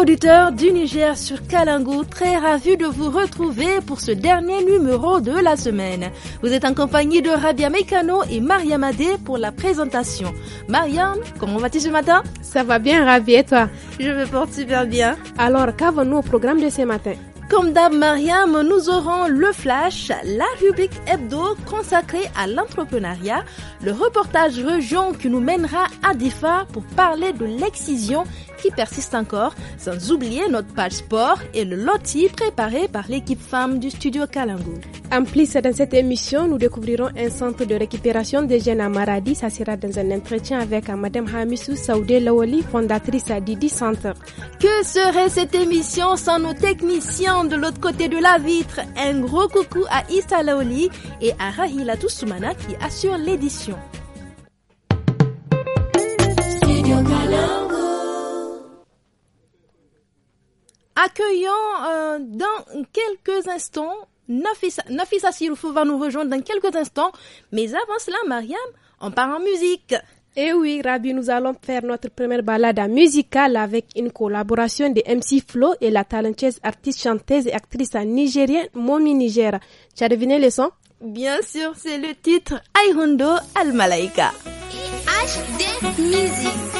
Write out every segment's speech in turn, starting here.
auditeurs du Niger sur Kalango, très ravi de vous retrouver pour ce dernier numéro de la semaine. Vous êtes en compagnie de Rabia Mekano et Mariam Ade pour la présentation. Mariam, comment vas-tu ce matin Ça va bien, Rabia, et toi Je me porte super bien. Alors, qu'avons-nous au programme de ce matin comme d'hab, Mariam, nous aurons le flash, la rubrique hebdo consacrée à l'entrepreneuriat, le reportage région qui nous mènera à Difa pour parler de l'excision qui persiste encore, sans oublier notre page sport et le loti préparé par l'équipe femme du studio Kalango. En plus, dans cette émission, nous découvrirons un centre de récupération des jeunes à Maradi. Ça sera dans un entretien avec Madame Hamissou Saoudé Lawali, fondatrice à Didi Center. Que serait cette émission sans nos techniciens de l'autre côté de la vitre Un gros coucou à Issa Lawali et à Rahila Toussoumana qui assure l'édition. Accueillons euh, dans quelques instants Nafisa, Nafisa va nous rejoindre dans quelques instants. Mais avant cela, Mariam, on part en musique. Eh oui, Rabi, nous allons faire notre première balade musicale avec une collaboration de MC Flo et la talentueuse artiste, chanteuse et actrice nigérienne Momi Niger. Tu as deviné le son Bien sûr, c'est le titre Aihondo Al Malaika. HD Music.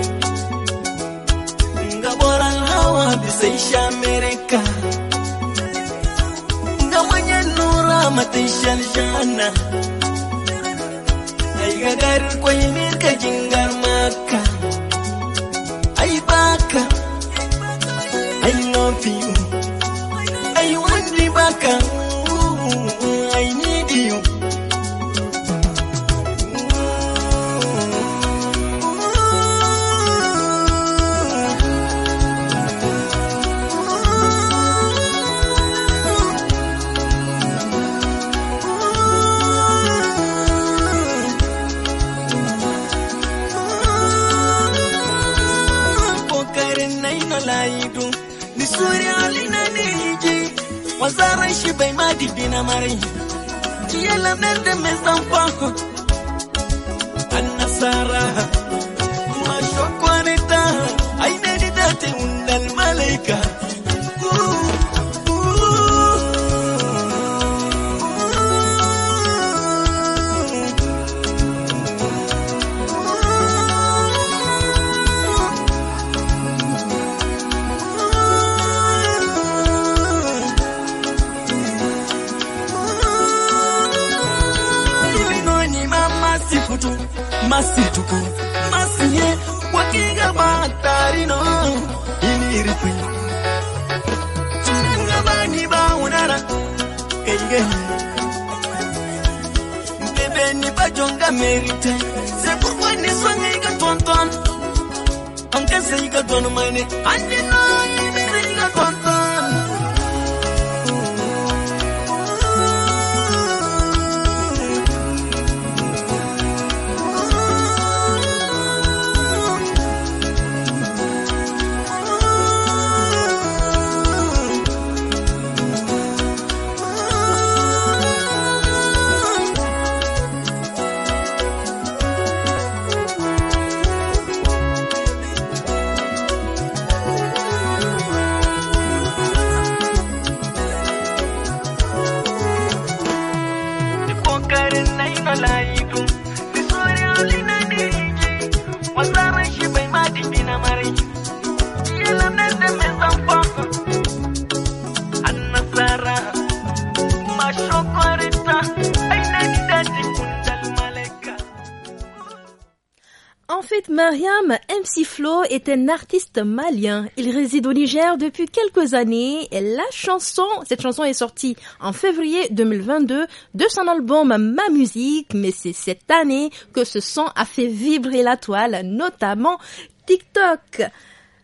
shan shana ai ga dar me. cariño. Y en la mente me está un poco. masi masi masifutu masituku masinye wakiga batarino inirikwi tunanga bani baunara keigeni mpebeni bajonga merite ni sekurwaniswangeiga tonton ankeseiga tonumane andino fait, Mariam MC est un artiste malien. Il réside au Niger depuis quelques années et la chanson, cette chanson est sortie en février 2022 de son album Ma musique, mais c'est cette année que ce son a fait vibrer la toile, notamment TikTok.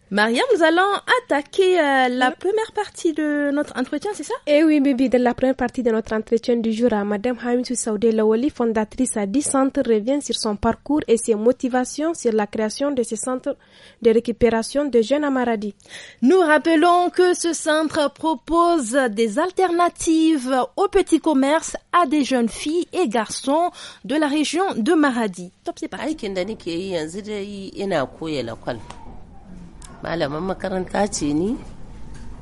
Maria, nous allons attaquer euh, la première partie de notre entretien, c'est ça Eh oui, bébé, dans la première partie de notre entretien du jour, euh, Madame Haïm Saoudé Lawali, fondatrice à 10 centres, revient sur son parcours et ses motivations sur la création de ces centre de récupération de jeunes à Maradi. Nous rappelons que ce centre propose des alternatives au petit commerce à des jeunes filles et garçons de la région de Maradi. Top, c'est malaman makaranta ce ni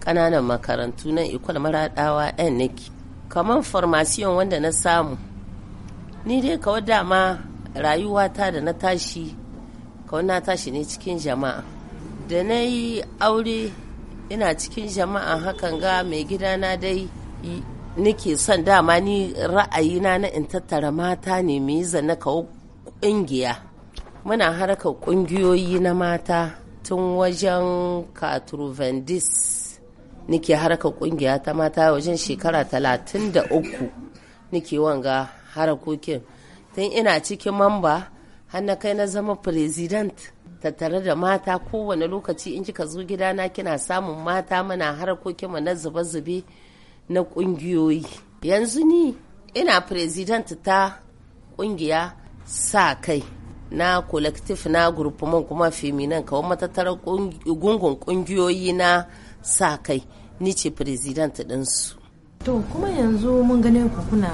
ƙananan makarantu na ikwal maradawa yan nake kamar farmasiyon wanda na samu ni dai kawai dama rayuwata da na tashi kawai na tashi ne cikin jama'a da na yi aure ina cikin jama'a hakan ga mai gidana dai nake son dama ni ra'ayina na in tattara mata ne mai zana kawo ƙungiya muna harkar ƙungiyoyi na mata tun wajen katruvendis nike haraka kungiya ta mata wajen shekara talatin da uku nike wanga harakokin tun ina cikin mamba har na kai na zama president tattare da mata kowane lokaci in kika zo gidana kina samun mata mana harakokin mana na zube-zube na kungiyoyi yanzu ni ina president ta kungiya sa kai na collective na gurfuman kuma feminin kawai matattara gungun kungiyoyi na sa kai ni ce president dinsu. to kuma yanzu mun gane ku kuna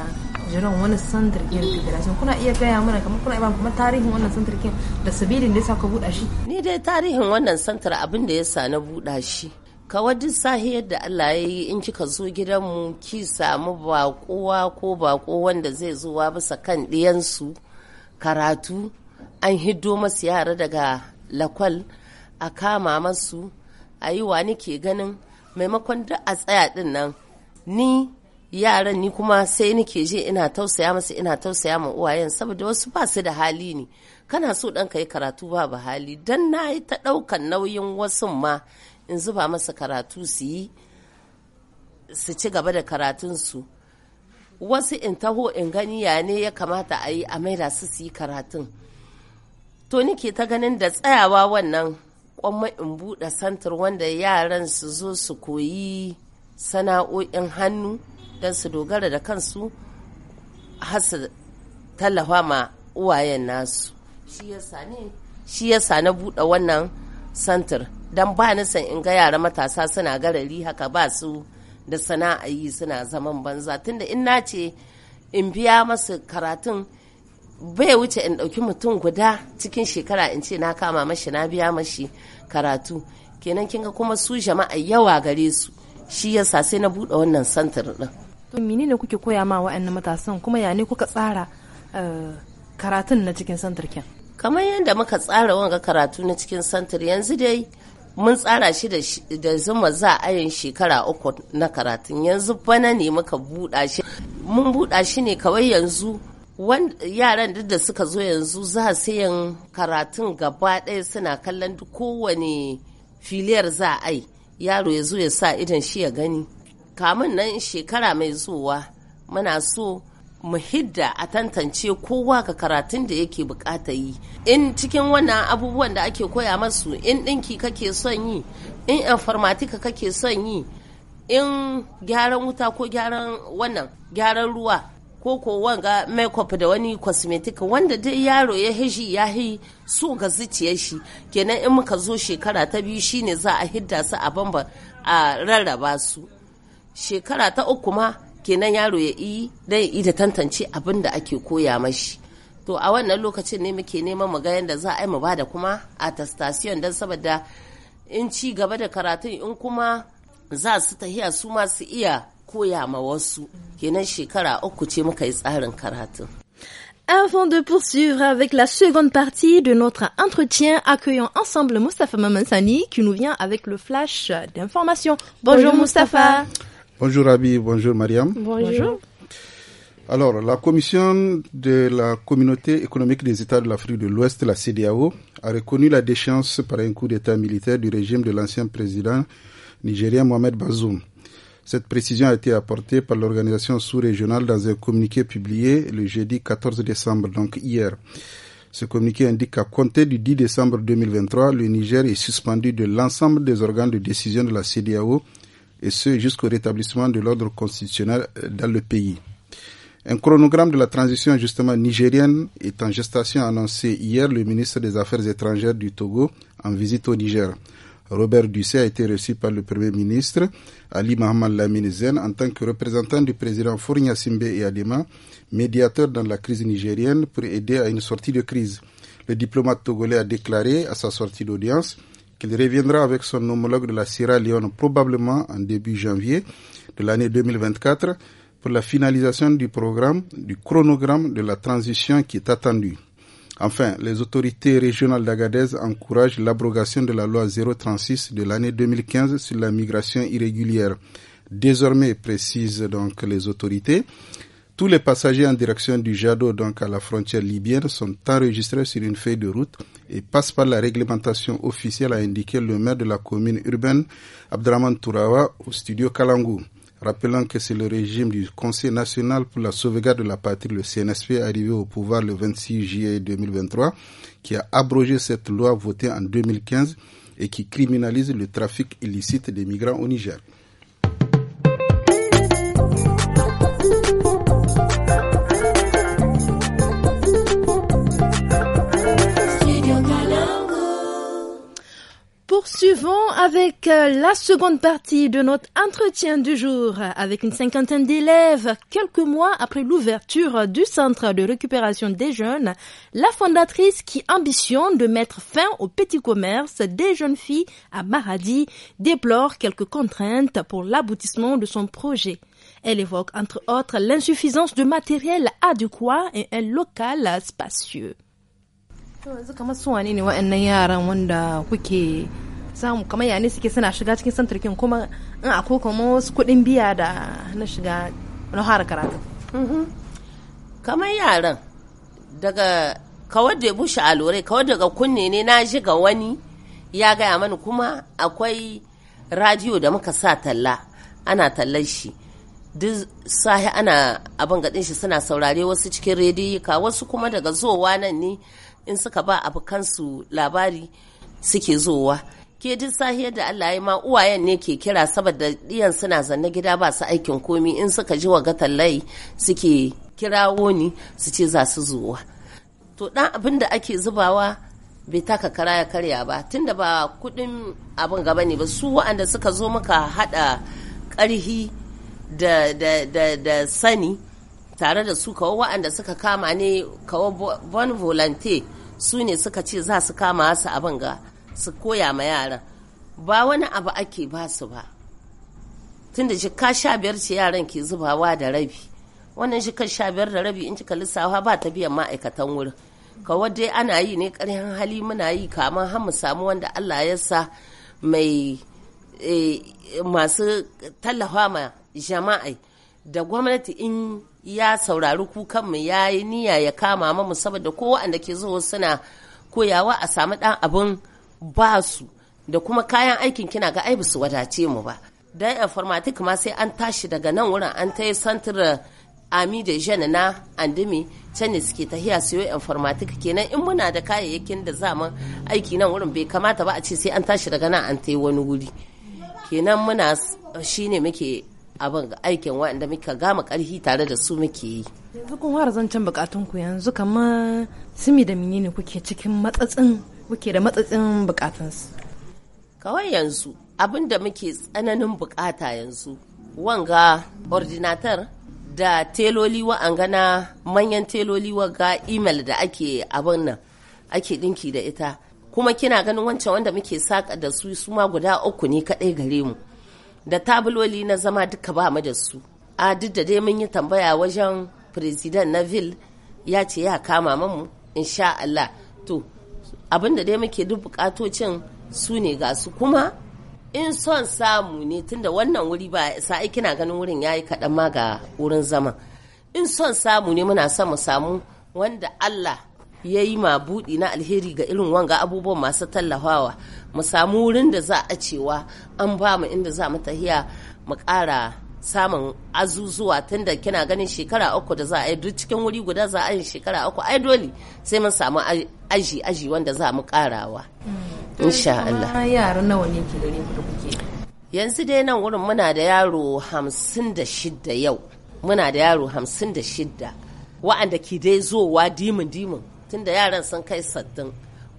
jiran wani santar iya federation kuna iya gaya mana kamar kuna iya kuma tarihin wannan santar kin da sabilin da yasa ka buɗa shi ni dai tarihin wannan santar abin da sa na buɗa shi kawai duk sahiyar da Allah ya yi in kika zo gidanmu ki samu baƙowa ko baƙo wanda zai zuwa bisa kan ɗiyansu karatu an hiddo masu yara daga lakwal a kama masu a yi wa ke ganin maimakon da a tsaya din nan ni yaran ni kuma sai nike je ina tausaya masu ina tausaya ma uwayen saboda wasu ba su da hali ne kana so dan ka yi karatu ba ba hali dan na yi ta ɗaukan nauyin wasu ma in zuba masa karatu su yi su ci gaba da karatunsu wasu in taho in gani ya ne ya kamata a yi a maida su su yi karatun to nike ta ganin da tsayawa wannan kwamma in buɗe santar wanda yaran su zo su koyi sana'o'in hannu don su dogara da kansu har su tallafa ma uwayen nasu shi sa na buɗe wannan santar don ba ni san in ga yara matasa suna garari haka ba su da sana'a yi suna zaman banza tunda in na ce in biya masu karatun bai wuce in ɗauki mutum guda cikin shekara in ce na kama mashi na biya mashi karatu kenan kinga kuma su jama'a yawa gare su shi yasa sai na buɗe wannan santar ɗin. to menene kuke koya ma wa'annan matasan kuma ya ne kuka tsara eh, karatun na cikin santar kyan. kamar yadda muka tsara wanga karatu na cikin santar yanzu dai mun tsara shi da zuma za a yin shekara uku na karatun yanzu bana ne muka buɗa shi mun buɗa shi ne kawai yanzu yaran duk da suka zo yanzu za su yin karatun gaba ɗaya suna kallon duk kowane filiyar za a yi yaro ya zo ya sa idan shi ya gani kamun nan shekara mai zuwa muna so mu hidda a tantance kowa ga karatun da yake bukata yi in cikin wannan abubuwan da ake koya masu in ɗinki kake son yi in informatika kake son yi in gyaran wuta ko gyaran wannan gyaran ruwa ko ko wanga makeup da wani cosmetic wanda dai yaro ya hiji ya hi so ga zuciyar shi kenan in muka zo shekara ta biyu shine za a hidda su a bamba a rarraba su shekara ta uku ma kenan yaro ya yi dan yi da tantance abin da ake koya mashi to a wannan lokacin ne muke neman mu ga yanda za a yi mu bada kuma attestation dan saboda in ci gaba da karatun in kuma za su tahiya su ma su iya Avant de poursuivre avec la seconde partie de notre entretien, accueillons ensemble Mustafa Mamansani qui nous vient avec le flash d'information. Bonjour, Mustapha. Bonjour Abi, bonjour Mariam. Bonjour. Alors, la Commission de la Communauté économique des États de l'Afrique de l'Ouest, la CDAO, a reconnu la déchéance par un coup d'État militaire du régime de l'ancien président nigérien Mohamed Bazoum. Cette précision a été apportée par l'organisation sous-régionale dans un communiqué publié le jeudi 14 décembre, donc hier. Ce communiqué indique qu'à compter du 10 décembre 2023, le Niger est suspendu de l'ensemble des organes de décision de la CDAO et ce jusqu'au rétablissement de l'ordre constitutionnel euh, dans le pays. Un chronogramme de la transition justement nigérienne est en gestation annoncé hier le ministre des Affaires étrangères du Togo en visite au Niger. Robert Dusset a été reçu par le Premier ministre Ali Mohamed Lamine en tant que représentant du président Fournia Simbe et Adema, médiateur dans la crise nigérienne pour aider à une sortie de crise. Le diplomate togolais a déclaré à sa sortie d'audience qu'il reviendra avec son homologue de la Sierra Leone probablement en début janvier de l'année 2024 pour la finalisation du programme, du chronogramme de la transition qui est attendue. Enfin, les autorités régionales d'Agadez encouragent l'abrogation de la loi 036 de l'année 2015 sur la migration irrégulière. Désormais, précisent donc les autorités, tous les passagers en direction du Jado, donc à la frontière libyenne, sont enregistrés sur une feuille de route et passent par la réglementation officielle, a indiqué le maire de la commune urbaine, Abdraman Tourawa, au studio Kalangou. Rappelant que c'est le régime du Conseil national pour la sauvegarde de la patrie, le CNSP, arrivé au pouvoir le 26 juillet 2023, qui a abrogé cette loi votée en 2015 et qui criminalise le trafic illicite des migrants au Niger. poursuivons avec euh, la seconde partie de notre entretien du jour avec une cinquantaine d'élèves. Quelques mois après l'ouverture du centre de récupération des jeunes, la fondatrice qui ambitionne de mettre fin au petit commerce des jeunes filles à Maradi déplore quelques contraintes pour l'aboutissement de son projet. Elle évoque entre autres l'insuffisance de matériel adéquat et un local spacieux. samu kamar yane suke suna shiga cikin kuma in akwai kuma wasu kuɗin biya da na shiga na fara karatu mhm. kamar yaran daga kawar da bushe alurai kawar daga kunne ne na ji ga wani ya gaya mani kuma akwai radiyo da muka sa talla ana tallar shi duk sahi ana abin gaɗin shi suna saurare wasu cikin rediyika wasu kuma daga zowa nan ne in suka ba abokansu labari suke zowa ke duk sahiyar da Allah ya ma uwayen ne ke kira saboda ɗiyan suna zanne gida ba su aikin komi in suka ji wa gatallai suke kirawo ni su ce za su zuwa to dan abin da ake zubawa bai taka kara ya karya ba tunda ba kudin abin gaba ne ba su wa'anda suka zo muka hada karhi da, sani tare da su kawo wa'anda suka kama ne kawo bon volante su ne suka ce za su kama su abin ga su koya ma yaran ba wani abu ake ba su ba tun da jika sha biyar ce yaran ke zubawa da rabi wannan jika sha biyar da rabi in cika lissafa ba ta biyan ma'aikatan wurin kawai dai ana yi ne ƙarfin hali muna yi kaman har mu samu wanda Allah ya sa mai eh, masu tallafa ma jama'ai da gwamnati in ya saurari kukanmu ya yi niyya ya kama mu saboda ko waɗanda ke zuwa suna koyawa a samu ɗan abin ba su da kuma kayan aikin kina ga ai su wadace mu ba dan informatik ma sai an tashi daga nan wurin an ta yi ami da jen na andimi can ne suke tahiya siyo informatik kenan in muna da kayayyakin da zaman aiki nan wurin bai kamata ba a ce sai an tashi daga nan an ta yi wani wuri kenan muna shine muke abin aikin waɗanda muka gama karhi tare da su muke yi. Yanzu kun fara zancen bukatun ku yanzu kamar simi da menene kuke cikin matsatsin muke da matsatsin bukatunsu kawai yanzu abin da muke tsananin bukata yanzu wanga ordinatar da teloli an na manyan teloli ga email da ake abin nan ake dinki da ita kuma kina ganin wancan wanda muke saka da su su ma guda uku ne kaɗai gare mu da tabuloli na zama duka ba mu da su a duk da dai mun yi tambaya wajen president na ville ya ce ya kama mamu insha Allah to abin da dai muke duk bukatocin su ne ga su kuma in son samu ne tunda wannan wuri ba sa kina ganin wurin ya yi kaɗan ma ga wurin zama in son samu ne muna son mu samu wanda Allah ya yi ma buɗi na alheri ga irin wanga abubuwan masu tallafawa mu samu wurin da za a cewa an ba mu inda za mu tahiya mu ƙara samun azuzuwa tunda kina ganin shekara uku da za a yi duk cikin wuri guda za a yi shekara uku ai dole sai mun samu aji aji wanda za mu karawa mm. insha Allah yaro nawa ne ke gare ku da kuke yanzu dai nan wurin muna da yaro hamsin da shidda yau muna da yaro hamsin da shidda wa'anda ke dai zowa dimin dimin tunda yaran sun kai sattin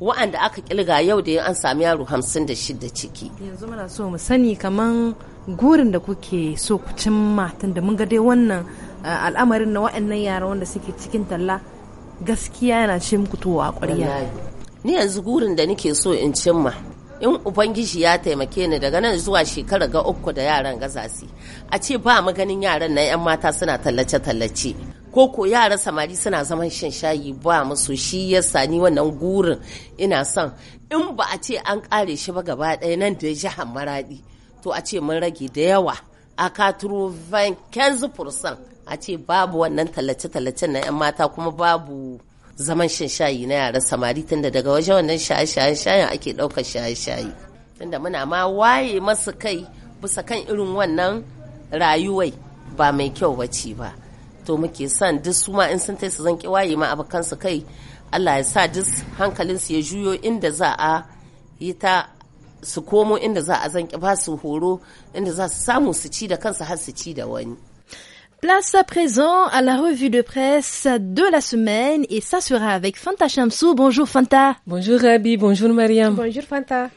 wa'anda aka kilga yau da an sami yaro hamsin da shidda ciki yanzu muna so mu sani kaman gurin da kuke so ku cimma matan da mun ga dai wannan eh, al'amarin na wa'annan yara wanda suke cikin talla gaskiya yana ce muku to a ƙwarya ni yanzu gurin da nike so in cimma in ubangiji ya taimake ni daga nan zuwa shekara ga uku da yaran gazasi a ce ba mu ganin yaran nan yan mata suna tallace tallace ko ko yara samari suna zaman shan shayi ba musu shi ya sani wannan gurin ina son in ba a ce an kare shi ba gaba ɗaya nan da jihar maradi to a ce mun rage da yawa a katuro fursan a ce babu wannan tallace-tallacen na 'yan mata kuma babu zaman shan shayi na yaran samari tunda daga wajen wannan shaye-shayen shayin ake ɗaukar shaye-shaye tunda muna ma waye masu kai bisa kan irin wannan rayuwai ba mai kyau wace ba to muke son duk su ma in sun tai su ki waye ma abokan su kai Allah ya sa duk hankalin su ya juyo inda za a yi ta Place à présent à la revue de presse de la semaine et ça sera avec Fanta Chamsou. Bonjour Fanta. Bonjour Rabi, bonjour Mariam. Bonjour Fanta.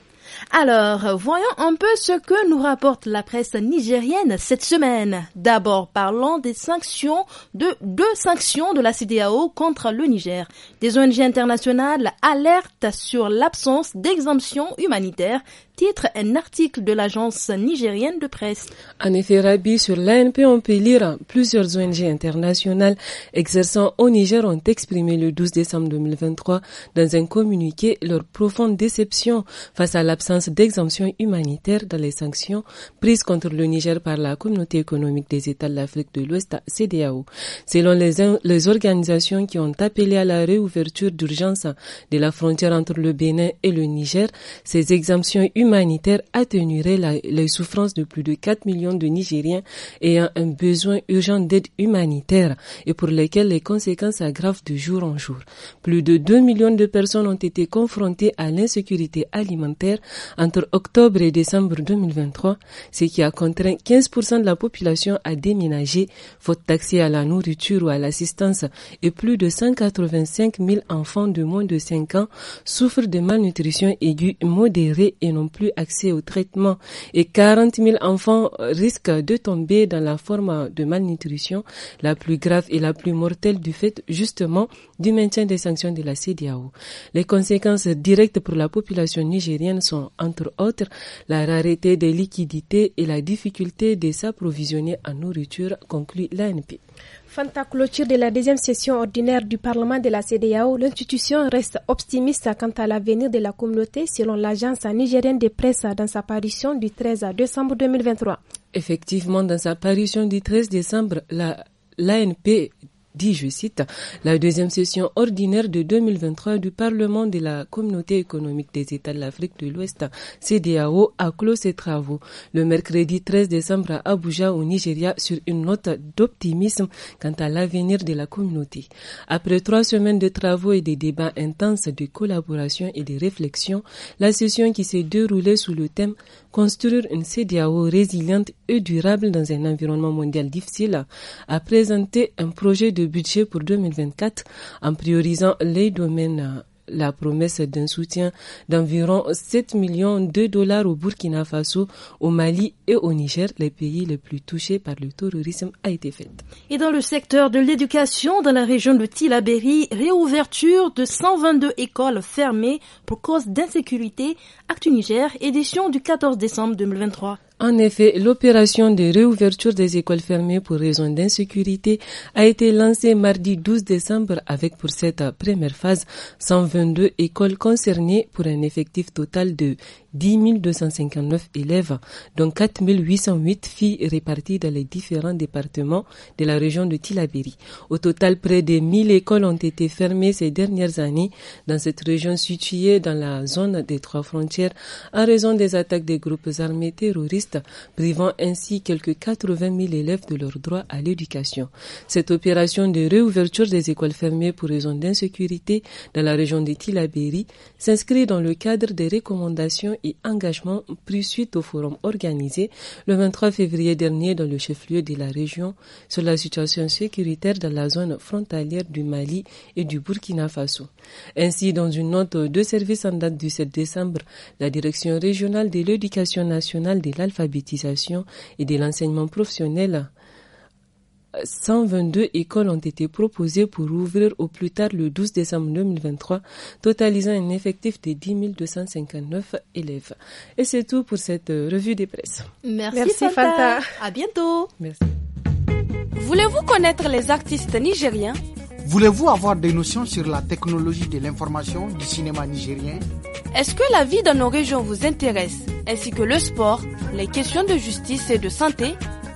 Alors, voyons un peu ce que nous rapporte la presse nigérienne cette semaine. D'abord, parlons des sanctions de deux sanctions de la CDAO contre le Niger. Des ONG internationales alertent sur l'absence d'exemption humanitaire titre un article de l'agence nigérienne de presse. En effet, Rabi, sur l'ANP, on peut lire plusieurs ONG internationales exerçant au Niger ont exprimé le 12 décembre 2023 dans un communiqué leur profonde déception face à l'absence d'exemption humanitaire dans les sanctions prises contre le Niger par la Communauté économique des États de l'Afrique de l'Ouest, CDAO. Selon les, les organisations qui ont appelé à la réouverture d'urgence de la frontière entre le Bénin et le Niger, ces exemptions humanitaires humanitaire atténuerait la, les souffrances de plus de 4 millions de Nigériens ayant un besoin urgent d'aide humanitaire et pour lesquels les conséquences s'aggravent de jour en jour. Plus de 2 millions de personnes ont été confrontées à l'insécurité alimentaire entre octobre et décembre 2023, ce qui a contraint 15% de la population à déménager, faute d'accès à la nourriture ou à l'assistance, et plus de 185 000 enfants de moins de 5 ans souffrent de malnutrition aiguë modérée et non plus accès au traitement et 40 000 enfants euh, risquent de tomber dans la forme de malnutrition la plus grave et la plus mortelle du fait justement du maintien des sanctions de la CDAO. Les conséquences directes pour la population nigérienne sont entre autres la rareté des liquidités et la difficulté de s'approvisionner en nourriture, conclut l'ANP. Fanta clôture de la deuxième session ordinaire du Parlement de la CDAO, l'institution reste optimiste quant à l'avenir de la communauté selon l'agence nigérienne de presse dans sa parution du 13 décembre 2023. Effectivement, dans sa parution du 13 décembre, l'ANP dit, je cite, la deuxième session ordinaire de 2023 du Parlement de la Communauté économique des États de l'Afrique de l'Ouest, CDAO, a clos ses travaux le mercredi 13 décembre à Abuja au Nigeria sur une note d'optimisme quant à l'avenir de la communauté. Après trois semaines de travaux et des débats intenses de collaboration et de réflexion, la session qui s'est déroulée sous le thème Construire une CDAO résiliente et durable dans un environnement mondial difficile a présenté un projet de budget pour 2024 en priorisant les domaines la promesse d'un soutien d'environ 7 millions de dollars au Burkina Faso, au Mali et au Niger, les pays les plus touchés par le terrorisme, a été faite. Et dans le secteur de l'éducation, dans la région de Tilaberi, réouverture de 122 écoles fermées pour cause d'insécurité, Actu Niger, édition du 14 décembre 2023. En effet, l'opération de réouverture des écoles fermées pour raison d'insécurité a été lancée mardi 12 décembre avec pour cette première phase 122 écoles concernées pour un effectif total de 10 259 élèves, dont 4 808 filles réparties dans les différents départements de la région de Tilabéry. Au total, près de 1000 écoles ont été fermées ces dernières années dans cette région située dans la zone des trois frontières en raison des attaques des groupes armés terroristes, privant ainsi quelques 80 000 élèves de leur droit à l'éducation. Cette opération de réouverture des écoles fermées pour raison d'insécurité dans la région de Tilabéry s'inscrit dans le cadre des recommandations et engagement pris suite au forum organisé le 23 février dernier dans le chef-lieu de la région sur la situation sécuritaire dans la zone frontalière du Mali et du Burkina Faso. Ainsi, dans une note de service en date du 7 décembre, la Direction régionale de l'éducation nationale de l'alphabétisation et de l'enseignement professionnel 122 écoles ont été proposées pour ouvrir au plus tard le 12 décembre 2023, totalisant un effectif de 10 259 élèves. Et c'est tout pour cette euh, revue des presses. Merci, Merci Fanta. À bientôt. Merci. Voulez-vous connaître les artistes nigériens Voulez-vous avoir des notions sur la technologie de l'information du cinéma nigérien Est-ce que la vie dans nos régions vous intéresse, ainsi que le sport, les questions de justice et de santé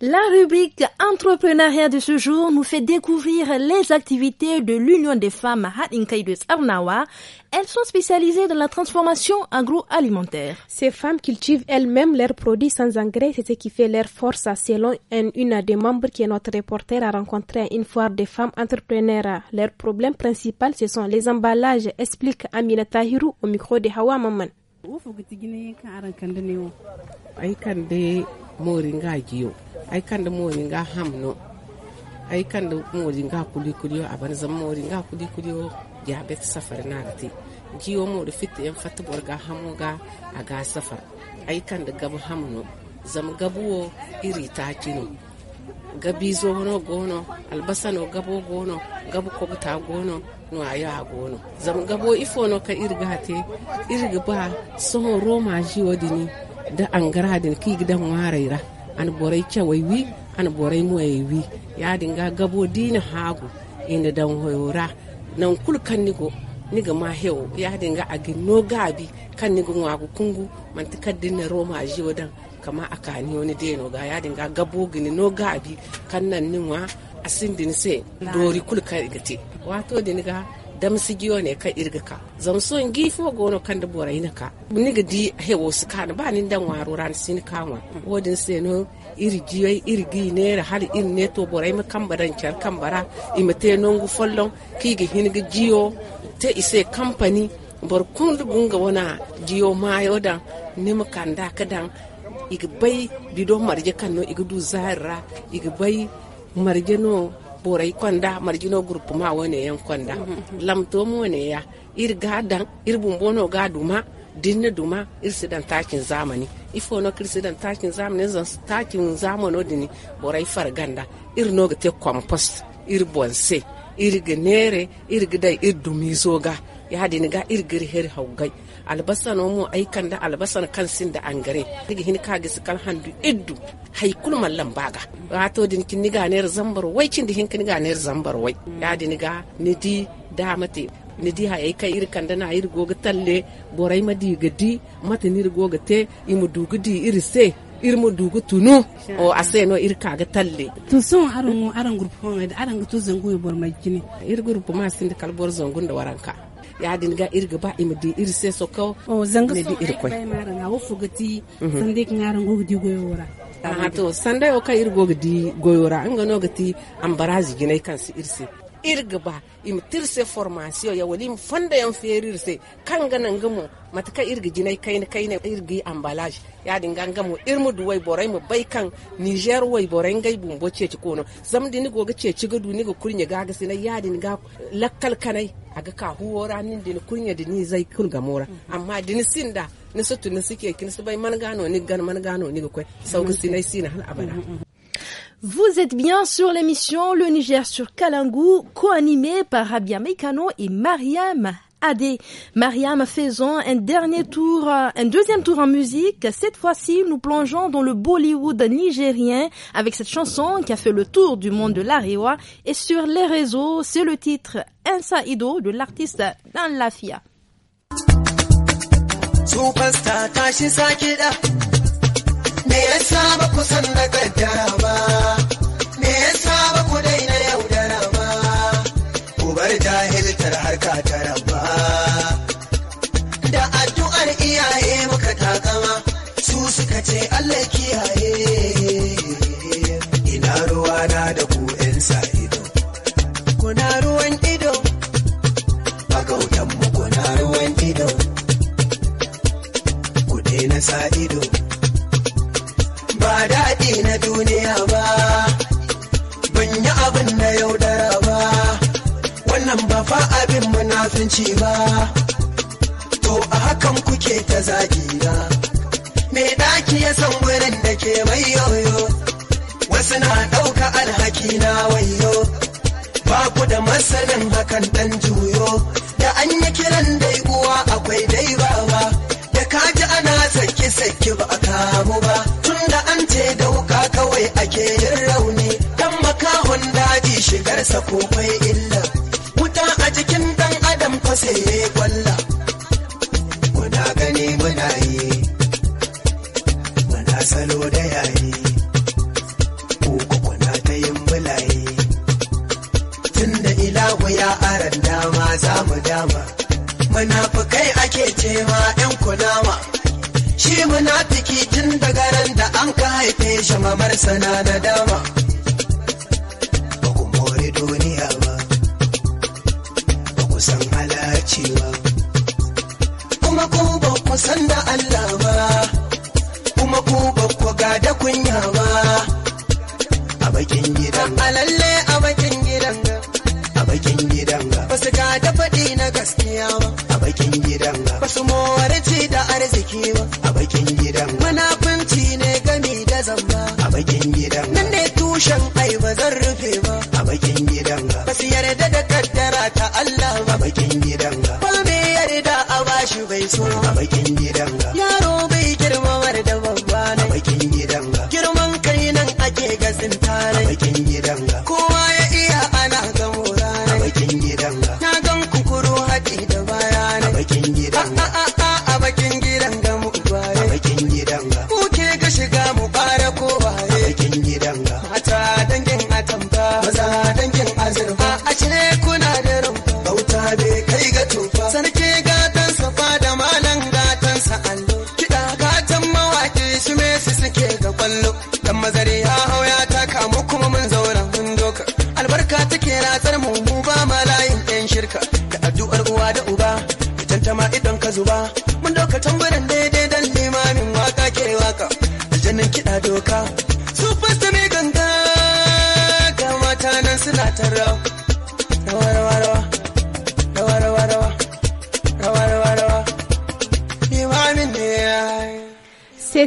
La rubrique entrepreneuriat de ce jour nous fait découvrir les activités de l'Union des femmes Hatinkai de Arnawa. Elles sont spécialisées dans la transformation agroalimentaire. Ces femmes cultivent elles-mêmes leurs produits sans engrais, c'est ce qui fait leur force selon une des membres qui est notre reporter a rencontré une foire des femmes entrepreneurs. Leur problème principal, ce sont les emballages, explique Amina Tahiru au micro de Hawa Maman. kan da mori nga hamno kan da mori nga kuli kuli a abana zam mori nga kuli kuli o diabet safar nagati jiwo moɗo fitta en fatta ga a ga safar kan da gabu hamno zam gabu o iri gabi zo no gono albasa no gabo gono gabu ta gono no aya gono zam gabo ifono ka te irga ba so roma jiwo dini da angara din ki gidan waraira an borai cewai wi an borai muwai wi ya dinga gabo dina hagu ina dan hoyora nan kulkan nigo niga ma hewo ya dinga a gino gabi kan niga wagu kungu man ta kaddin roma ji wadan kama a kani wani deno ga ya dinga gabo gini no gabi kan nan ninwa a sindin se dori kulkan igate wato dinga damsigiyo ne ka zan so in gifo gono na ka ni ga di hewo sukana ba ni dan waro ran sin wa mm. wodin se no jiyoy yai irgi ne har in ne to bora ima kambaran char kambara imate nongu follon hin ga jiyo te ise company bor kundu gunga wana jiyo mayo dan nima kanda kadan iga bay bidon marje kanno iga du zarra iga marje no borai kwanda margino group ma yan kwanda lamto mu ne ya ir gadan ir bumbono gaduma dinne duma ir sidan takin zamani ifo no kir sidan takin zamani zan takin zamano dini borai farganda ir no te compost ir bonse ir gnere ir gidai ir dumizoga ya dini ga ir gir her haugai albasan mu aikan da albasan kan sin da gare digi hin ka gisi kal handu iddu hay kul mallan baga wato din kin niga ne zambar wai kin din kin niga ne zambar wai ya din ga ni di da mate ni di ha kai ir kan da na ir goga talle borai ma di gadi mate ni goga te imu dugudi ir se irmo dugu tunu o aseno ir ga talle tun sun aran aran gurpo da aran gutu zangu bor majini ir gurpo ma sindikal bor zangun da waranka ya dinga irga ba se so ko o oh, zanga so ir ko mara na o fugati mhm. sande ngara ngo di goyora ha to sande o ka go di goyora ngano gati barazi ginai ir se irga ba im tirse formation ya wali fanda yan se kan gana gamo mataka irga jinai kai ne kai ne irgi ambalage ya dinga gamo irmu duwai borai mu bai kan Niger wai borai ngai bumbo ce ci kono zamdi ni goga ce ci gadu ni go kurnye gaga sinai ya dinga lakkal kanai aga ka huwora nin din kunya da ni zai kun gamora amma din sinda ni sutu ni suke kin su bai man gano ni gan man gano ni ko sauki sinai sina hal abara Vous êtes bien sur l'émission Le Niger sur Kalangu, co-animée par Rabia Mekano et Mariam Mariam, faisons un dernier tour, euh, un deuxième tour en musique. Cette fois-ci, nous plongeons dans le Bollywood nigérien avec cette chanson qui a fait le tour du monde de l'Ariwa et sur les réseaux. C'est le titre Insaido de l'artiste Dan Lafia. takama su suka ce Allah kiyaye ina ruwa na da ku yan sa ido kuna ruwan ido magautan mu kuna ruwan ido ku na sa ido ba daɗi na duniya ba ban yi abin na yaudara ba wannan ba fa abin munafinci ba to a hakan kuke ta zagi na? me ɗaki ya san wurin da ke mai yoyo wasu na ɗauka alhaki na wayo ba ku da masanin hakan ɗan juyo da an yi kiran dai uwa akwai dai bawa da kaji ana saki saki ba a kamu ba tun da an ce dauka kawai ake yin rauni dan makahon daji shigarsa ko illa wuta a jikin ɗan adam fa ya kwalla kashe mamar sana da dama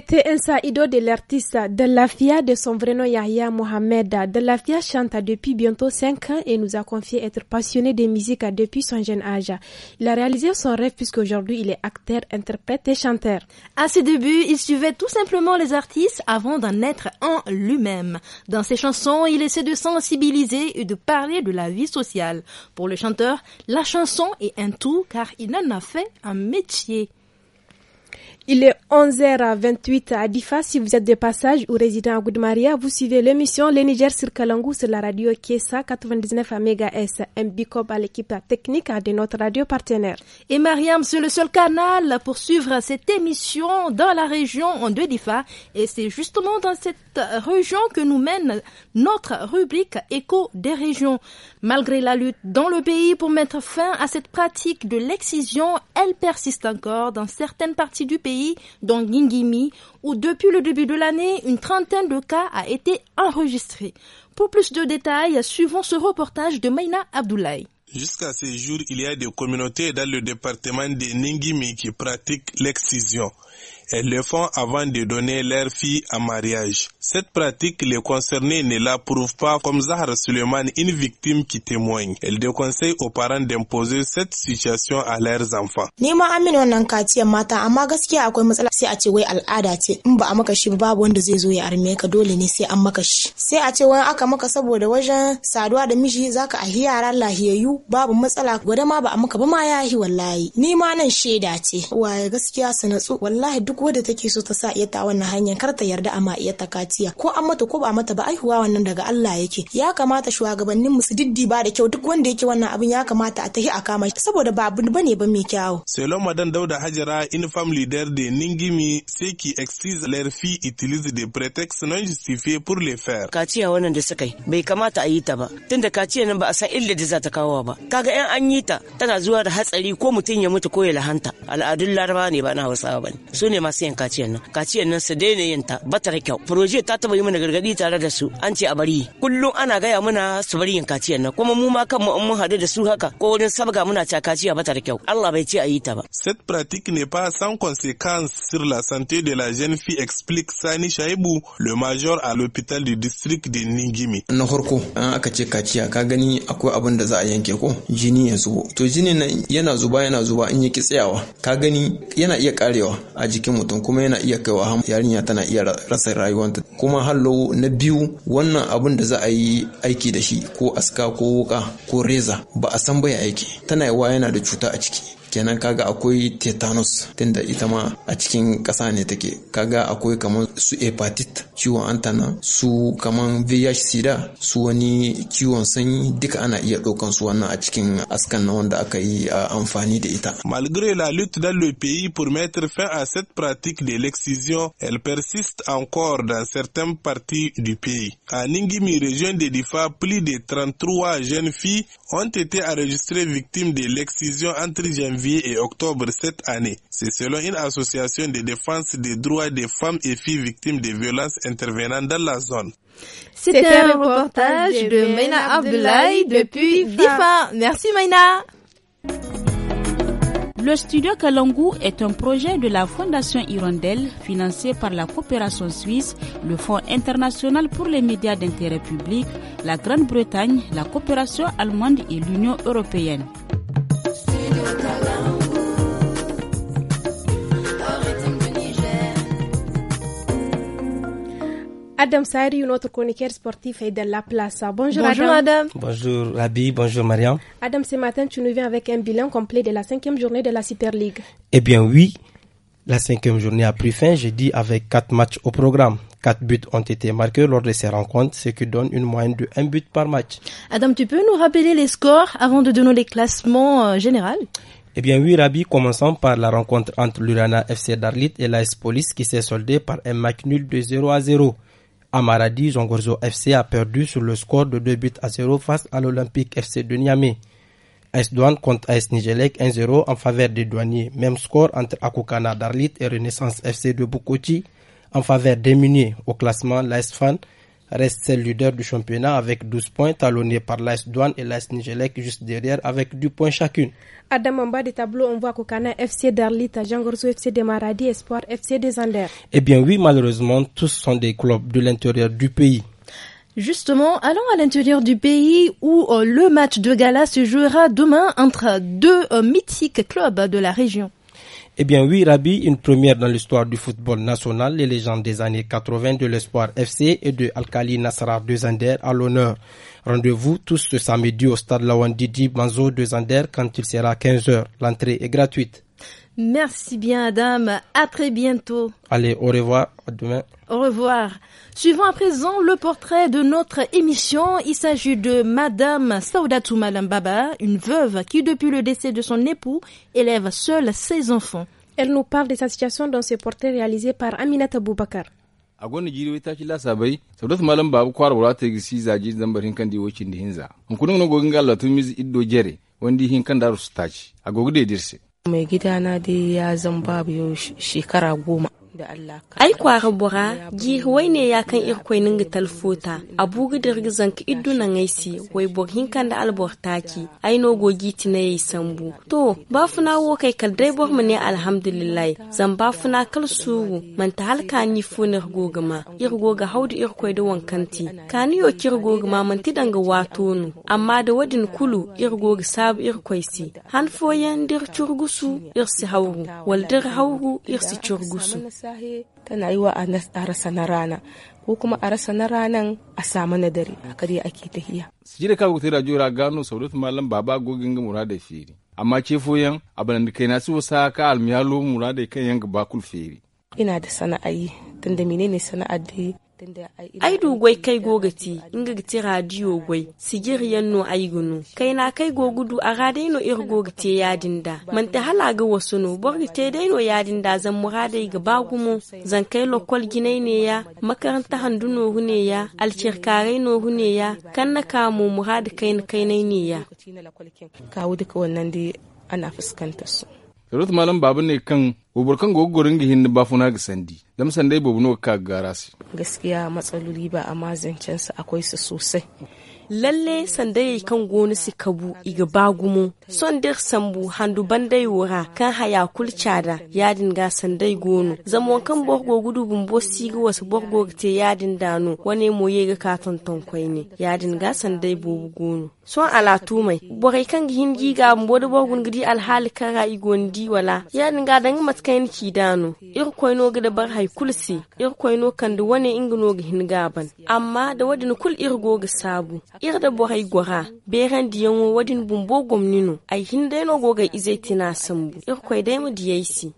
C'était un saïdo de l'artiste Fia de son vrai nom Yahya Mohamed. Fia chante depuis bientôt 5 ans et nous a confié être passionné de musique depuis son jeune âge. Il a réalisé son rêve puisqu'aujourd'hui il est acteur, interprète et chanteur. À ses débuts, il suivait tout simplement les artistes avant d'en être en lui-même. Dans ses chansons, il essaie de sensibiliser et de parler de la vie sociale. Pour le chanteur, la chanson est un tout car il en a fait un métier. Il est 11h28 à Difa. Si vous êtes de passage ou résident à Goudmaria, vous suivez l'émission Les Niger sur Kalangou sur la radio Kiesa 99 Améga S. Un à l'équipe technique de notre radio partenaire. Et Mariam c'est le seul canal pour suivre cette émission dans la région de Difa. Et c'est justement dans cette région que nous mène notre rubrique Écho des régions. Malgré la lutte dans le pays pour mettre fin à cette pratique de l'excision, elle persiste encore dans certaines parties du pays dans Ningimi, où depuis le début de l'année, une trentaine de cas a été enregistré. Pour plus de détails, suivons ce reportage de Maina Abdoulaye. Jusqu'à ces jours, il y a des communautés dans le département de Ningimi qui pratiquent l'excision. et le font avant de donner leur fille en mariage. Cette pratique, les concernés ne l'approuvent pas comme Zahra Suleiman, une victime qui témoigne. Elle déconseille aux parents d'imposer cette situation à leurs enfants. Ni ma amin wannan kaciyar mata amma gaskiya akwai matsala sai a ce wai al'ada ce in ba a maka shi babu wanda zai zo ya arme ka dole ne sai an maka shi. Sai a ce wai aka maka saboda wajen saduwa da miji zaka ahi yara lahiyayyu babu matsala gwada ma ba a maka ba ma yahi wallahi. Ni ma nan shaida ce. Waye gaskiya sanatsu wallahi duk duk da take so ta sa iyata wannan hanyar kar ta yarda a ma'iyata kaciya ko an mata ko ba mata ba aihuwa wannan daga Allah yake ya kamata shugabannin mu su ba da kyau duk wanda yake wannan abin ya kamata a tahi a kama shi saboda ba abu bane ba mai kyawu selon madan dauda hajara in family leader de ningimi sai ki excuse leur fi utilise des prétextes non justifiés pour les faire kaciya wannan da suka yi bai kamata a yi ta ba tunda kaciya nan ba a san illa da za ta kawo ba kaga yan an yi ta tana zuwa da hatsari ko mutum ya mutu ko ya lahanta al'adun laraba ne ba na hausawa ba ne su ne ma yin kaciyan nan kaciyan nan su daina yin ta ba ta da kyau proje ta taba yi mana gargadi tare da su an ce a bari kullum ana gaya mana su bari yin kaciyan nan kuma mu ma kanmu an mun hadu da su haka ko wurin sabga muna ta kaciya ba ta da kyau Allah bai ce a yi ta ba cette pratique n'est pas sans conséquence sur la santé de la jeune fille explique Sani Shaibu le major à l'hôpital du district de Ningimi na horko an aka ce kaciya ka gani akwai abin da za a yanke ko jini ya zubo to jini nan yana zuba yana zuba in ya tsayawa ka gani yana iya karewa a jikin mutum kuma yana iya kaiwa yarinya tana iya rasa rayuwanta kuma hallo na biyu wannan abun da za a yi aiki da shi ko aska ko wuka ko reza ba a san baya aiki tana yawa yana da cuta a ciki kenan kaga akwai tetanus tunda ita ma a cikin ƙasa ne take kaga akwai kamar su hepatitis ciwon antana su kamar vih sida su wani ciwon sanyi duka ana iya ɗaukan su wannan a cikin askan na wanda aka yi amfani da ita malgré la lutte dans le pays pour mettre fin à cette pratique de l'excision elle persiste encore dans certaines parties du pays à Ningimi région de Difa plus de 33 jeunes filles ont été enregistrées victimes de l'excision entre janvier et octobre cette année. C'est selon une association de défense des droits des femmes et filles victimes de violences intervenant dans la zone. C'était un reportage de Maina Abdoulaye depuis DIFA. Merci Maina. Le studio Kalangu est un projet de la Fondation Hirondelle financé par la coopération suisse, le Fonds international pour les médias d'intérêt public, la Grande-Bretagne, la coopération allemande et l'Union européenne. Adam une notre chroniqueur sportif, et de la place. Bonjour, Adam. Bonjour Rabi, bonjour Marianne. Adam, ce matin, tu nous viens avec un bilan complet de la cinquième journée de la Super League. Eh bien oui, la cinquième journée a pris fin, j'ai dit, avec quatre matchs au programme. Quatre buts ont été marqués lors de ces rencontres, ce qui donne une moyenne de un but par match. Adam, tu peux nous rappeler les scores avant de donner les classements euh, généraux eh bien oui, Rabi, commençons par la rencontre entre l'Urana FC Darlit et l'AS Police qui s'est soldée par un match nul de 0 à 0. Amaradi Zongorzo FC a perdu sur le score de 2 buts à 0 face à l'Olympique FC de Niamey. AS Douane contre AS Nigelec 1-0 en faveur des douaniers. Même score entre Akoukana Darlit et Renaissance FC de Bukoti en faveur des muniers. Au classement, l'AS Fan reste celle leader du championnat avec 12 points, talonnée par l'AS Douane et l'AS Nigelec juste derrière avec deux points chacune. Adam, en bas des tableaux, on voit Kokana, FC d'Arlita, Jangorzo, FC de Maradi, Espoir, FC des Anders. Eh bien oui, malheureusement, tous sont des clubs de l'intérieur du pays. Justement, allons à l'intérieur du pays où euh, le match de gala se jouera demain entre deux euh, mythiques clubs de la région. Eh bien oui, Rabi, une première dans l'histoire du football national, les légendes des années 80 de l'Espoir FC et de Alkali Nasrar de Zander à l'honneur. Rendez-vous tous ce samedi au stade Lawandidi Manzo de Zander quand il sera 15h. L'entrée est gratuite. Merci bien, Adam. À très bientôt. Allez, au revoir. À demain. Au revoir. Suivons à présent le portrait de notre émission. Il s'agit de Madame Saoudatou Malambaba, une veuve qui, depuis le décès de son époux, élève seule ses enfants. Elle nous parle de sa situation dans ce portrait réalisé par Aminata Boubakar. a gwanda jiri wai tashi lasa bai sabdat malam babu kwara wura ta gisi zaji zambar hinkan di wocin da hinza hunkunin na gogin gala tun mizi iddo jere wandi hinkan kan da su tashi a gogi da dirse mai gidana dai ya zan babu yau shekara goma ai kwara bora gi wai ne ya kan kwai ninga talfota a bugu da ka iddu na ngaisi wai bor hinkan da albor taki ai no gogi tina yayi sambu to ba funa wo kai kal dai bor mu ne alhamdulillah zan ba funa kal suru man ta halka ni funar gogama ir goga haudu kwai da wankanti kani yo kir gogama man ti danga wato nu amma da wadin kulu ir goga sabu iri-kwai si han foyan dir churgusu ir si hauru wal dir hauru ir si churgusu sahe tana yi wa a rasa na rana ko kuma a rasa na ranan a samu na dare a dai ake tahiya. Sijira kawo kuta da jura gano saurat malam baba gogin ga murada feri amma ce yan abin da kai nasu wasa ka almiyalo murada kan yan bakul feri. Ina da sana'ayi tunda menene sana'ar da ai gwai kai gogati inga radiyo radio gwai sigir yanno ai gunu kai na kai gogudu a radaino ir gogite yadin da man ta halaga wasu no te daino ya dinda zan muradai ga bagumo zan kai lokol ginai ne ya makaranta handu no hune ya alcirkarai no hune ya kan na mu muradi kai kai ne ya kawo duka wannan dai ana fuskantar su Ruth Malam Babu ne kan burkan go gihin ba funa ga sandi dam sandai babu no ka garasi gaskiya matsaloli ba amma zancen su akwai su sosai lalle sandai kan goni si kabu iga bagumo son dir sambu handu bandai wura kan haya da yadin ga sandai gonu zamon kan borgo gudu bumbo sigi wasu borgo te yadin dano wani moye ga katon tonkwai ne yadin ga sandai bobu gonu son alatu mai borai kan gihin giga mbodo borgon gidi alhali kara igondi wala yadin ga dangi kain kidano irkoi no gida bar hai kulsi ir no kan da wani ingino ga hingaban amma da wadin kul irgo ga sabu ir da bo hai gora beran di yan wadin bumbo gomnino ai hindai no go ga izai tina sambu koi dai mu diyaisi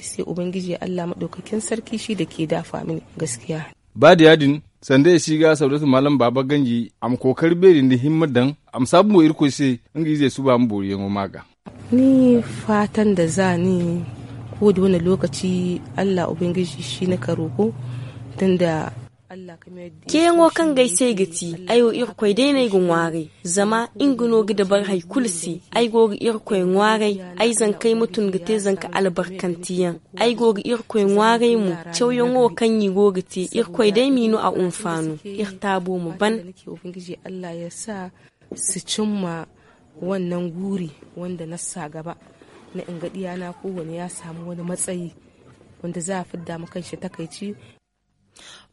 sai ubangiji Allah madaukakin sarki shi da ke dafa mini gaskiya ba da yadin sanda shi ga malam baba ganji am kokar berin da himmar dan am sabu irko sai ingi zai su ba mu boriyan maga ni fatan da za ni kowace wani lokaci allah ubangiji shi na ka roko tunda ke yango kan gaise gati ayo irkoi daina mai ware zama in inguno gida bar haikulsi ai gogi irkoi ware ai zan kai mutun gate zan ka albarkantiyan ai gogi irkoi ware mu cewyon wo kan yi gori te irkoi dai minu a umfanu irtabo mu ban Allah ya sa su cimma wannan guri wanda na sa gaba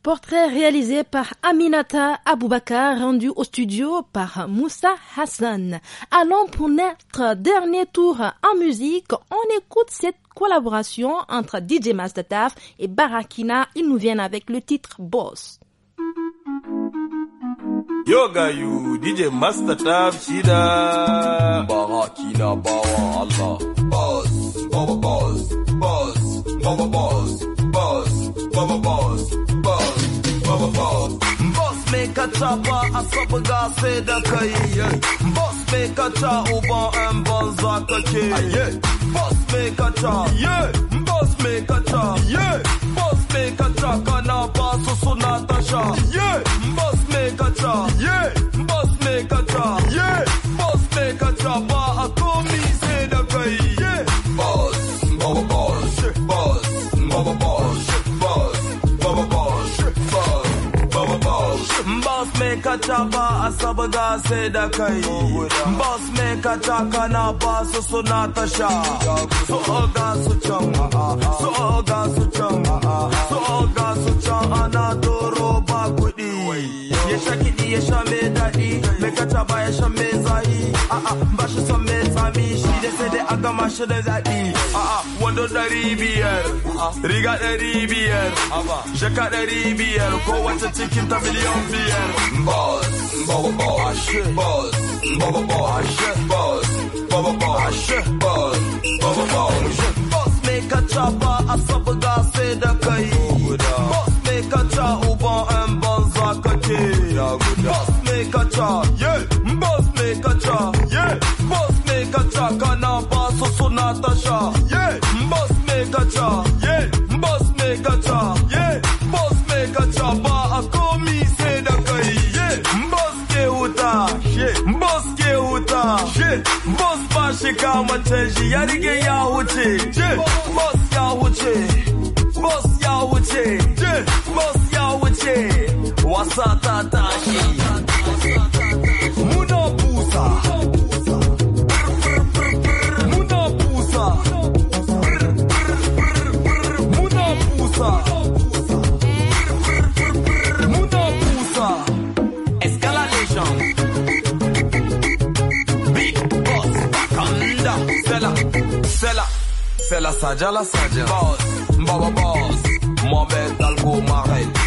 Portrait réalisé par Aminata Aboubakar, rendu au studio par Moussa Hassan. Allons pour notre dernier tour en musique. On écoute cette collaboration entre DJ Mastataf et Barakina. Ils nous viennent avec le titre Boss. Yoga DJ taba a saba gase da kai boss me ka ta uban an banza kake boss me ka yeah. boss me ka yeah. boss me ka ta kana ba su suna ta sha boss me ka ta boss me ka ta boss me ka ta ba a Kachaba chaba asaba da da kai boss maker chaka na ba su suna ta sha so ga su can ana doro ba yesha me daɗi me kata ba yesha me zahi a'a ba shi son me tsami shi da sai dai aka mashi da zaɗi a'a wando ɗari biyar riga ɗari biyar jaka ɗari biyar ko wata cikin ta miliyan biyar boss bobo boss boss bobo boss boss bobo boss boss bobo boss boss me kata ba asabu ga sai da kai boss me kata uban good. Boss make a track, yeah. Boss make a track, yeah. Boss make a track, and now boss so not a shot, yeah. Boss make a track, yeah. Boss make a track, yeah. Boss make a track, but I call me say the guy, yeah. Boss get uta, yeah. Boss get uta, yeah. Boss ba shi kama change, ya rige ya wuce, yeah. Boss ya wuce, boss ya wuce. wasata tashi muna busa muna escalation boss boss baba boss Mohamed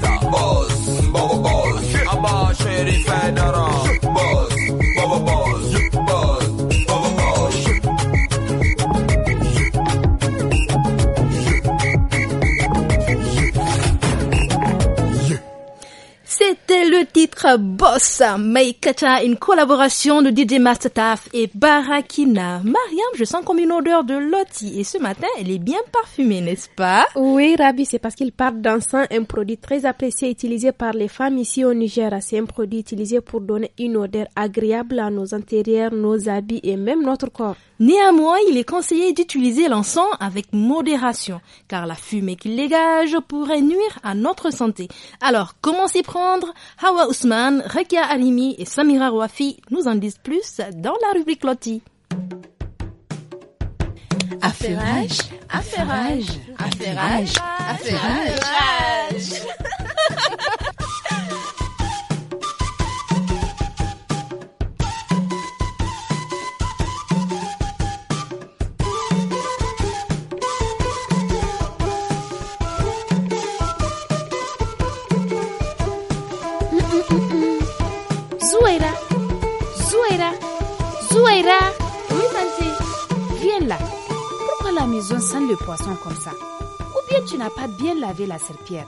Bossa Boss Maikata, une collaboration de DJ Mastertaf et Barakina. Mariam, je sens comme une odeur de loti et ce matin, elle est bien parfumée, n'est-ce pas Oui, Rabi, c'est parce qu'il parle d'un un produit très apprécié utilisé par les femmes ici au Niger. C'est un produit utilisé pour donner une odeur agréable à nos intérieurs, nos habits et même notre corps. Néanmoins, il est conseillé d'utiliser l'encens avec modération, car la fumée qu'il dégage pourrait nuire à notre santé. Alors, comment s'y prendre Hawa Ousmane, Rekia Alimi et Samira Rouafi nous en disent plus dans la rubrique Loti. on sent le poisson comme ça. Ou bien tu n'as pas bien lavé la serpillère.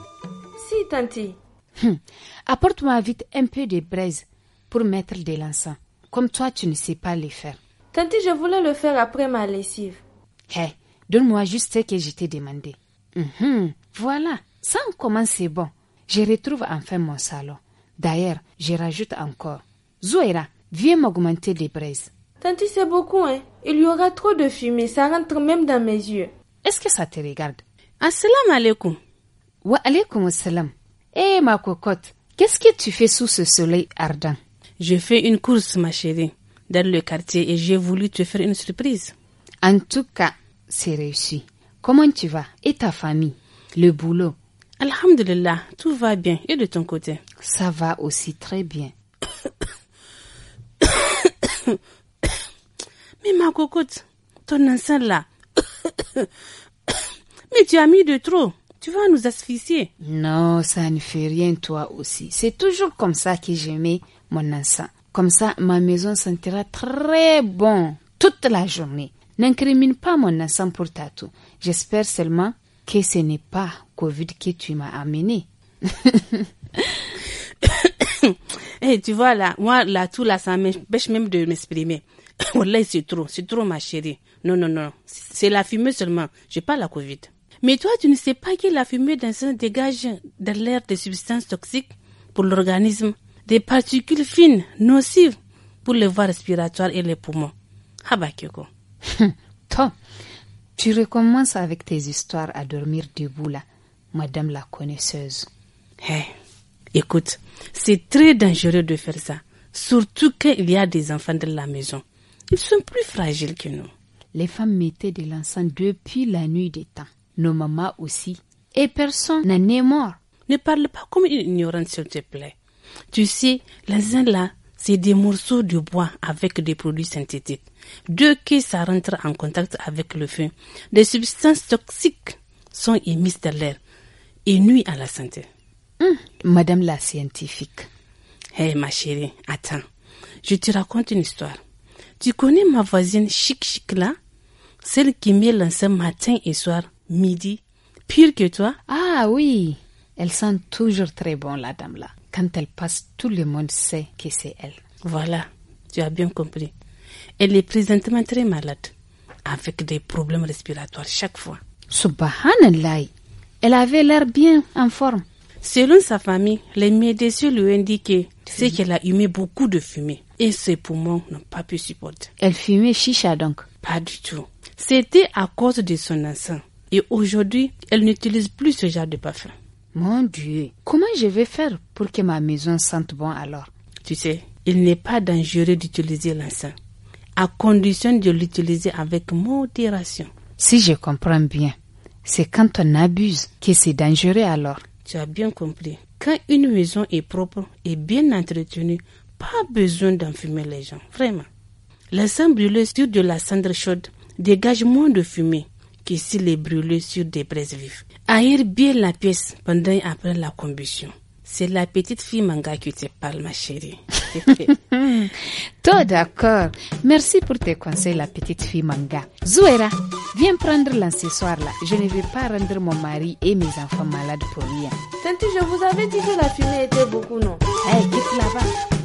Si, tanti. Hum. Apporte-moi vite un peu de braise pour mettre de l'encens. Comme toi, tu ne sais pas les faire. Tanti, je voulais le faire après ma lessive. Hé, eh, donne-moi juste ce que je t'ai demandé. Mhm. Voilà, ça en commence, c'est bon. Je retrouve enfin mon salon. D'ailleurs, je rajoute encore. Zoéra, viens m'augmenter les braises. Tu sais beaucoup, hein. Il y aura trop de fumée, ça rentre même dans mes yeux. Est-ce que ça te regarde Assalamu alaikum. Wa alaikum assalam. Eh, ma cocotte, qu'est-ce que tu fais sous ce soleil ardent Je fais une course, ma chérie, dans le quartier et j'ai voulu te faire une surprise. En tout cas, c'est réussi. Comment tu vas Et ta famille Le boulot Alhamdulillah, tout va bien. Et de ton côté Ça va aussi très bien. Mais ma cocotte, ton enceinte là. Mais tu as mis de trop. Tu vas nous asphyxier. Non, ça ne fait rien, toi aussi. C'est toujours comme ça que j'aimais mon enceinte. Comme ça, ma maison sentira très bon toute la journée. N'incrimine pas mon enceinte pour ta tout. J'espère seulement que ce n'est pas Covid que tu m'as amené. Et eh, tu vois là, moi là tout là, ça m'empêche même de m'exprimer. c'est trop, c'est trop, ma chérie. Non, non, non. C'est la fumée seulement. J'ai pas la Covid. Mais toi, tu ne sais pas que la fumée d'un sein dégage de l'air des substances toxiques pour l'organisme, des particules fines, nocives pour les voies respiratoires et les poumons. Habakeko. Ah toi, tu recommences avec tes histoires à dormir debout là, madame la connaisseuse. Hé, eh, écoute, c'est très dangereux de faire ça, surtout qu'il y a des enfants dans la maison. Ils sont plus fragiles que nous. Les femmes mettaient de l'encens depuis la nuit des temps. Nos mamans aussi. Et personne n'en est mort. Ne parle pas comme une ignorante, s'il te plaît. Tu sais, l'encens là, c'est des morceaux de bois avec des produits synthétiques. Dès que ça rentre en contact avec le feu, des substances toxiques sont émises dans l'air et nuisent à la santé. Hum, madame la scientifique. Hé, ma chérie, attends. Je te raconte une histoire. Tu connais ma voisine chic chic là Celle qui met l'ancien matin et soir, midi. Pire que toi Ah oui Elle sent toujours très bon la dame là. Quand elle passe, tout le monde sait que c'est elle. Voilà, tu as bien compris. Elle est présentement très malade, avec des problèmes respiratoires chaque fois. Subhanallah Elle avait l'air bien en forme. Selon sa famille, les médecins lui ont indiqué c'est qu'elle a humé beaucoup de fumée et ses poumons n'ont pas pu supporter. Elle fumait chicha donc Pas du tout. C'était à cause de son enceinte. Et aujourd'hui, elle n'utilise plus ce genre de parfum. Mon Dieu, comment je vais faire pour que ma maison sente bon alors Tu sais, il n'est pas dangereux d'utiliser l'encens, à condition de l'utiliser avec modération. Si je comprends bien, c'est quand on abuse que c'est dangereux alors. Tu as bien compris. Quand une maison est propre et bien entretenue, pas besoin d'enfumer les gens, vraiment. La sang brûlée sur de la cendre chaude dégage moins de fumée que s'il les brûlé sur des braises vives. Aère bien la pièce pendant et après la combustion c'est la petite fille manga qui te parle, ma chérie. Tout d'accord. Merci pour tes conseils, la petite fille manga. Zouera, viens prendre l'accessoire là. Je ne vais pas rendre mon mari et mes enfants malades pour rien. Tanti, je vous avais dit que la fumée était beaucoup, non Hé, eh, quitte là-bas.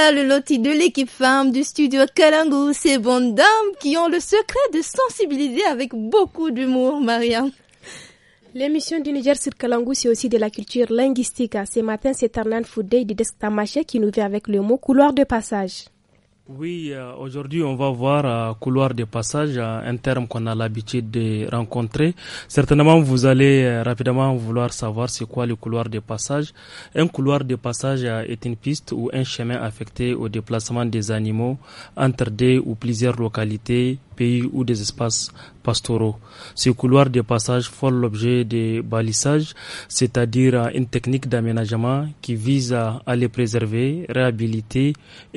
Voilà le loti de l'équipe femme du studio Kalangu, Ces bonnes dames qui ont le secret de sensibiliser avec beaucoup d'humour, Marianne. L'émission du Niger sur Kalangu, c'est aussi de la culture linguistique. Hein. Ce matin, c'est Tarnan Foudey de Destamaché qui nous vient avec le mot couloir de passage. Oui, euh, aujourd'hui on va voir un euh, couloir de passage, euh, un terme qu'on a l'habitude de rencontrer. Certainement vous allez rapidement vouloir savoir c'est quoi le couloir de passage. Un couloir de passage est une piste ou un chemin affecté au déplacement des animaux entre deux ou plusieurs localités pays ou des espaces pastoraux. Ce couloir de passage font l'objet de balissages, c'est-à-dire une technique d'aménagement qui vise à, les préserver, réhabiliter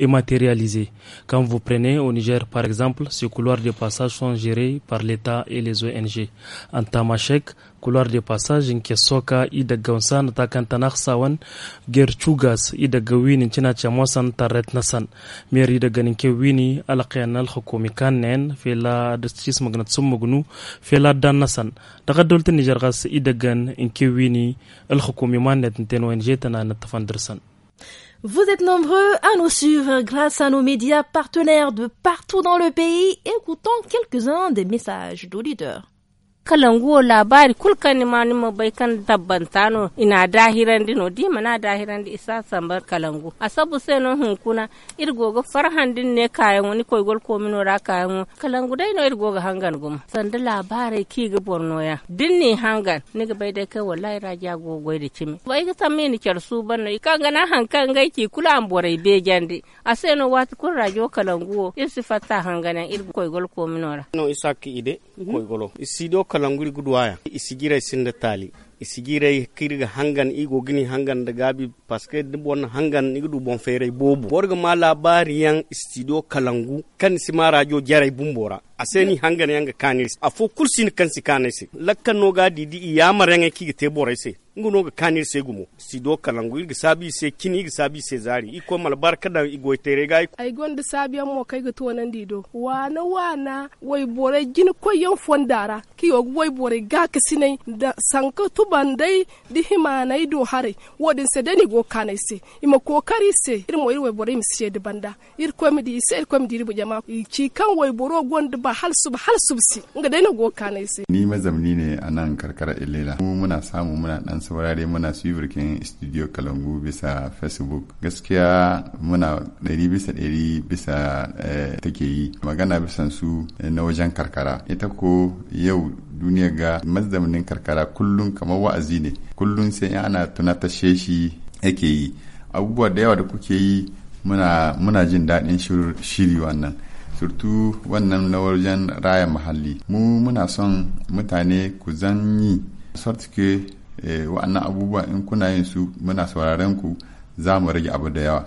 et matérialiser. Quand vous prenez au Niger, par exemple, ces couloirs de passage sont gérés par l'État et les ONG. En Tamashek, couleur de passage in ke soka i daga san ta kan tanak ger chugas i daga wini china chamwa san taret nasan mer i daga ninke wini alaqyan al hukumi kanen fela dastis magnat summugnu la dan nasan daga dolte niger gas i dagan inke wini al man manet nten jetana na tafandersan Vous êtes nombreux à nous suivre grâce à nos médias partenaires de partout dans le pays. écoutant quelques-uns des messages d'auditeurs. kalanguwo labari kulkani ma nima bai kan dabbantano ina dahiran dino di mana dahiran di isa sambar kalangu a sabu sai no hunkuna irgogo farhan din ne kayan wani koy gol ko mino ra kayan kalangu dai no irgogo hangan gum sanda labari ki ga borno ya din ne hangan ni ga bai dai kai wallahi raja gogoi da cimi bai ga tamme ni kersu banno kan ga na hankan ga ki kula an borai be jandi a sai no wat kun rajo Kalangu in sifata hanganan irgogo koy ko mino ra no isaki ide Mm-hmm. koygolo isido kalanguri gudwaya isigira isinde tali isigiray kiriga hangan igogini hangan da dagabi paske bon hangan ni igudu bon fere bobu borga ma labari yang studio kalangu kan sima radio jaray bumbora aseni hangan yang kanis afo kursin kan sikanese lakkan noga didi iyamar yang kigite borese nguno ga kanir se gumo sido kalangu irga sabi se kini irga sabi se zari iko mal barka da igo tere ga ai gonda sabi mo kai ga to nan dido wana wana wai bore gin ko yon fondara ki yo wai bore ga ka kasine da sanka to bandai di himana ido hare wodin se dani go kanai se ima kokari se ir irwe bore mi se de banda ir ko mi di se ir ko mi di bu jama ci kan wai boro gonda ba hal sub hal subsi nga dai na go kanai se ni mazamni ne anan karkara illela e mu muna samu muna dan saurare muna su birkin studio kalangu bisa facebook gaskiya muna ɗari bisa ɗari bisa eh, take yi magana bisan su eh, na wajen karkara ita ko yau duniya ga mazdaminin karkara kullum kamar wa'azi ne kullum sai ana sheshi shi yake yi abubuwa da yawa da kuke yi muna, jin daɗin shiri wannan surtu wannan na wajen raya muhalli mu muna son mutane ku zan yi sortike Eh, wa'annan abubuwa in kuna yin su muna sauraren ku za mu rage abu da yawa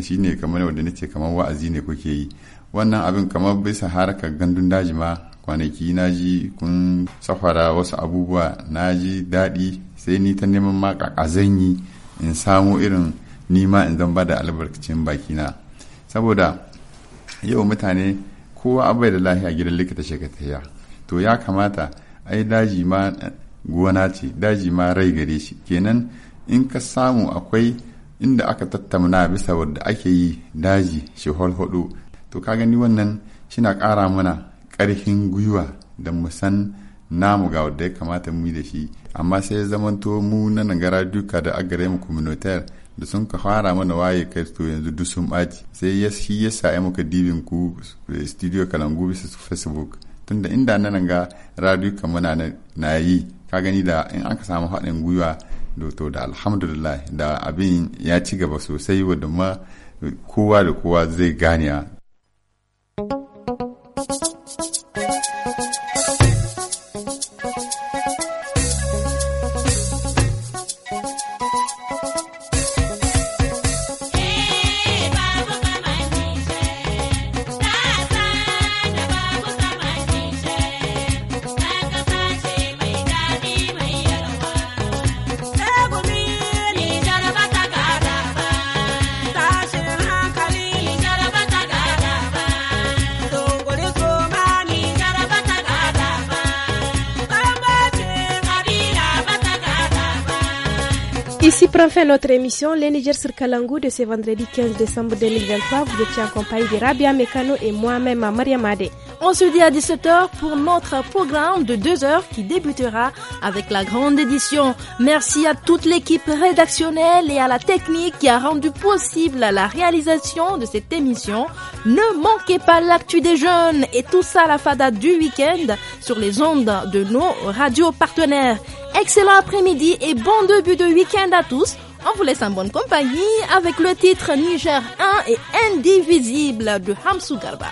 shi ne kamar wanda nace kamar wa'azi ne kuke yi wannan abin kamar bisa harkar gandun daji ma kwanaki na ji kun safara wasu abubuwa na ji daɗi sai ni ta neman ma yi in samo irin nima in zan ba da albarkacin bakina saboda yau mutane kowa abai da lahiya gidan likita shekataya to ya kamata ai daji ma gona ce daji ma rai gare shi kenan in ka samu akwai inda aka tattauna bisa wadda ake yi daji shi hudu to ka gani wannan shina ƙara mana ƙarfin gwiwa da mu san namu ga wadda ya kamata mu yi da shi amma sai ya zamanto mu na nagara duka da agare mu communautaire da sun ka fara mana waye kai to yanzu duk sun ɓaci sai ya shi ya sa muka dibin ku eh, studio kalangu bisa facebook tunda inda na nan ga radiyuka muna na yi ka gani da in ka samu haɗin gwiwa to da alhamdulillah da abin ya ci gaba sosai wadda ma kowa da kowa zai gane Ainsi prend fin notre émission Les Niger sur Kalangou de ce vendredi 15 décembre 2023. Vous étiez en compagnie de Rabia Mekano et moi-même à Maria Made. On se dit à 17h pour notre programme de 2 heures qui débutera avec la grande édition. Merci à toute l'équipe rédactionnelle et à la technique qui a rendu possible la réalisation de cette émission. Ne manquez pas l'actu des jeunes et tout ça à la fada du week-end sur les ondes de nos radios partenaires excellent après-midi et bon début de week-end à tous. On vous laisse en bonne compagnie avec le titre Niger 1 et Indivisible de Hamsou Garba.